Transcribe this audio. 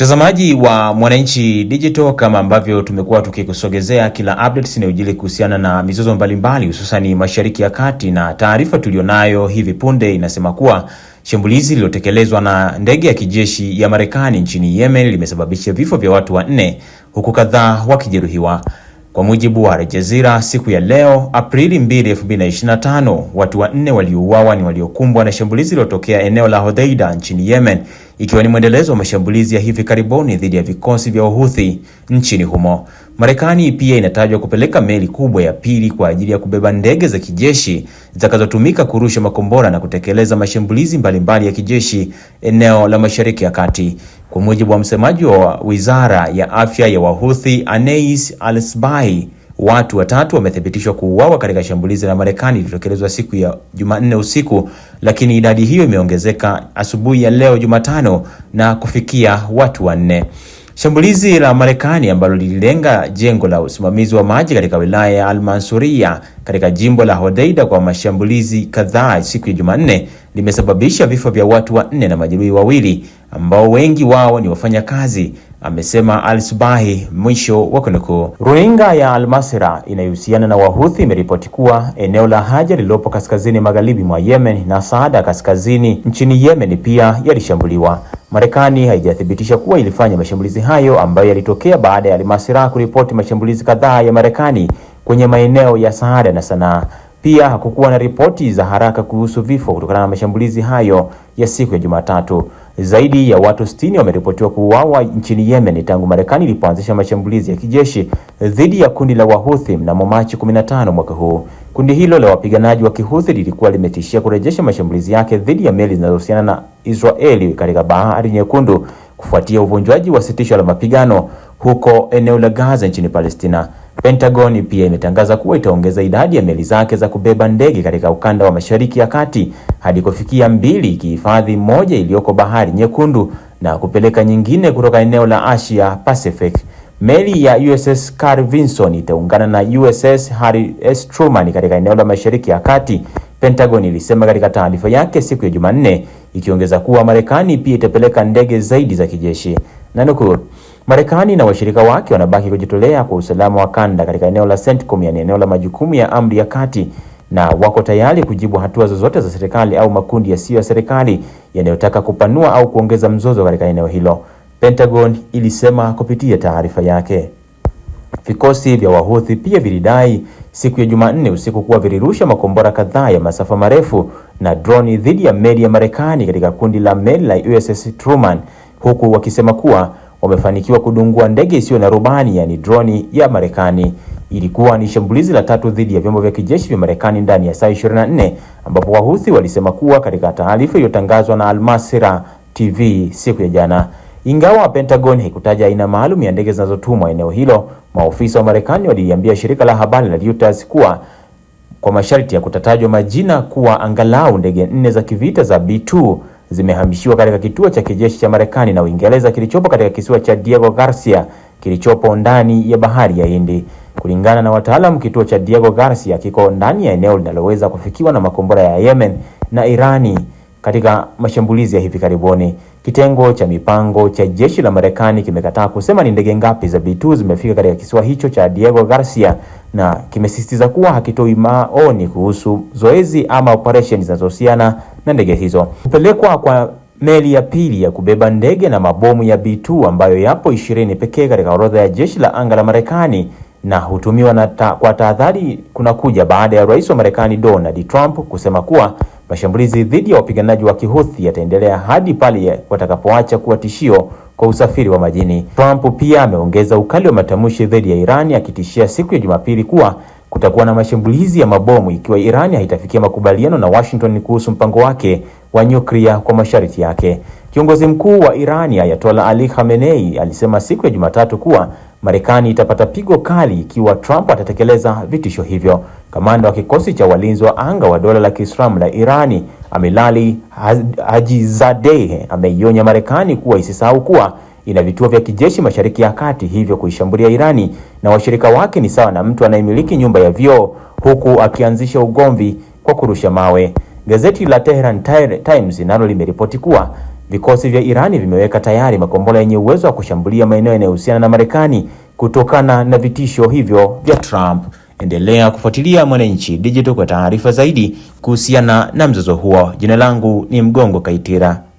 Mtazamaji wa Mwananchi Digital, kama ambavyo tumekuwa tukikusogezea kila updates inayojili kuhusiana na mizozo mbalimbali hususani Mashariki ya Kati, na taarifa tuliyonayo hivi punde inasema kuwa shambulizi lililotekelezwa na ndege ya kijeshi ya Marekani nchini Yemen limesababisha vifo vya watu wanne huku kadhaa wakijeruhiwa. Kwa mujibu wa Aljazira, siku ya leo Aprili 2, 2025, watu wanne waliouawa ni waliokumbwa na shambulizi lilotokea eneo la hodeida nchini Yemen, ikiwa ni mwendelezo wa mashambulizi ya hivi karibuni dhidi ya vikosi vya Houthi nchini humo. Marekani pia inatajwa kupeleka meli kubwa ya pili kwa ajili ya kubeba ndege za kijeshi zitakazotumika kurusha makombora na kutekeleza mashambulizi mbalimbali ya kijeshi eneo la Mashariki ya Kati. Kwa mujibu wa msemaji wa Wizara ya Afya ya wahuthi Anais al watu watatu wamethibitishwa kuuawa katika shambulizi la Marekani lililotekelezwa siku ya Jumanne usiku, lakini idadi hiyo imeongezeka asubuhi ya leo Jumatano na kufikia watu wanne. Shambulizi la Marekani ambalo lililenga jengo la usimamizi wa maji katika wilaya ya Al-Mansuria katika jimbo la Hodeida kwa mashambulizi kadhaa siku ya Jumanne limesababisha vifo vya watu wanne na majeruhi wawili ambao wengi wao ni wafanyakazi, amesema Al-Subahi, mwisho wa kunukuu. Runinga ya Al-Masira inayohusiana na Wahuthi imeripoti kuwa eneo la Haja lililopo kaskazini magharibi mwa Yemen na Saada kaskazini nchini Yemen pia yalishambuliwa. Marekani haijathibitisha kuwa ilifanya mashambulizi hayo ambayo yalitokea baada ya Al-Masira kuripoti mashambulizi kadhaa ya Marekani kwenye maeneo ya Saada na Sanaa. Pia hakukuwa na ripoti za haraka kuhusu vifo kutokana na mashambulizi hayo ya siku ya Jumatatu. Zaidi ya watu 60 wameripotiwa kuuawa nchini Yemen tangu Marekani ilipoanzisha mashambulizi ya kijeshi dhidi ya kundi la Wahuthi mnamo Machi 15 mwaka huu. Kundi hilo la wapiganaji wa Kihuthi lilikuwa limetishia kurejesha mashambulizi yake dhidi ya meli zinazohusiana na Israeli katika Bahari Nyekundu kufuatia uvunjwaji wa sitisho la mapigano huko eneo la Gaza nchini Palestina. Pentagon pia imetangaza kuwa itaongeza idadi ya meli zake za kubeba ndege katika ukanda wa Mashariki ya Kati hadi kufikia mbili, ikihifadhi moja iliyoko Bahari Nyekundu na kupeleka nyingine kutoka eneo la Asia Pacific. Meli ya USS Carl Vinson itaungana na USS Harry S. Truman katika eneo la Mashariki ya Kati, Pentagon ilisema katika taarifa yake siku ya Jumanne, ikiongeza kuwa Marekani pia itapeleka ndege zaidi za kijeshi. Nanukuu, Marekani na washirika wake wanabaki kujitolea kwa usalama wa kanda katika eneo la CENTCOM, yaani eneo la majukumu ya amri ya kati na wako tayari kujibu hatua zozote za serikali au makundi yasiyo ya serikali yanayotaka kupanua au kuongeza mzozo katika eneo hilo. Pentagon ilisema kupitia taarifa yake. Vikosi vya Wahouthi pia vilidai siku ya Jumanne usiku kuwa vilirusha makombora kadhaa ya masafa marefu na droni dhidi ya meli ya Marekani katika kundi la meli la USS Truman, huku wakisema kuwa wamefanikiwa kudungua ndege isiyo na rubani, yaani droni ya Marekani. Ilikuwa ni shambulizi la tatu dhidi ya vyombo vya kijeshi vya Marekani ndani ya saa 24, ambapo Wahouthi walisema kuwa katika taarifa iliyotangazwa na Al Masira TV siku ya jana. Ingawa Pentagon haikutaja aina maalum ya ndege zinazotumwa eneo hilo, maofisa wa Marekani waliliambia shirika la habari la Reuters kuwa kwa masharti ya kutatajwa majina, kuwa angalau ndege nne za kivita za B2 zimehamishiwa katika kituo cha kijeshi cha Marekani na Uingereza kilichopo katika kisiwa cha Diego Garcia kilichopo ndani ya bahari ya Hindi. Kulingana na wataalamu, kituo cha Diego Garcia kiko ndani ya eneo linaloweza kufikiwa na makombora ya Yemen na Irani katika mashambulizi ya hivi karibuni. Kitengo cha mipango cha jeshi la Marekani kimekataa kusema ni ndege ngapi za B2 zimefika katika kisiwa hicho cha Diego Garcia na kimesisitiza kuwa hakitoi maoni kuhusu zoezi ama operesheni zinazohusiana na ndege hizo. Kupelekwa kwa meli ya pili ya kubeba ndege na mabomu ya B2 ambayo yapo ishirini pekee katika orodha ya jeshi la anga la Marekani na hutumiwa na ta, kwa tahadhari kunakuja baada ya rais wa Marekani Donald Trump kusema kuwa Mashambulizi dhidi ya wapiganaji wa Kihuthi yataendelea hadi pale watakapoacha kuwa tishio kwa usafiri wa majini. Trump pia ameongeza ukali wa matamshi dhidi ya Iran akitishia siku ya Jumapili kuwa kutakuwa na mashambulizi ya mabomu ikiwa Iran haitafikia makubaliano na Washington kuhusu mpango wake wa nyuklia kwa masharti yake. Kiongozi mkuu wa Iran Ayatollah Ali Khamenei alisema siku ya Jumatatu kuwa Marekani itapata pigo kali ikiwa Trump atatekeleza vitisho hivyo. Kamanda wa kikosi cha walinzi wa anga wa dola la Kiislamu la Irani Amelali Hajizadeh ameionya Marekani kuwa isisahau kuwa ina vituo vya kijeshi Mashariki ya Kati, hivyo kuishambulia Irani na washirika wake ni sawa na mtu anayemiliki nyumba ya vioo huku akianzisha ugomvi kwa kurusha mawe. Gazeti la Tehran Times nalo limeripoti kuwa vikosi vya Irani vimeweka tayari makombora yenye uwezo wa kushambulia maeneo yanayohusiana na Marekani kutokana na vitisho hivyo vya Trump. Endelea kufuatilia Mwananchi Digital kwa taarifa zaidi kuhusiana na mzozo huo. Jina langu ni Mgongo Kaitira.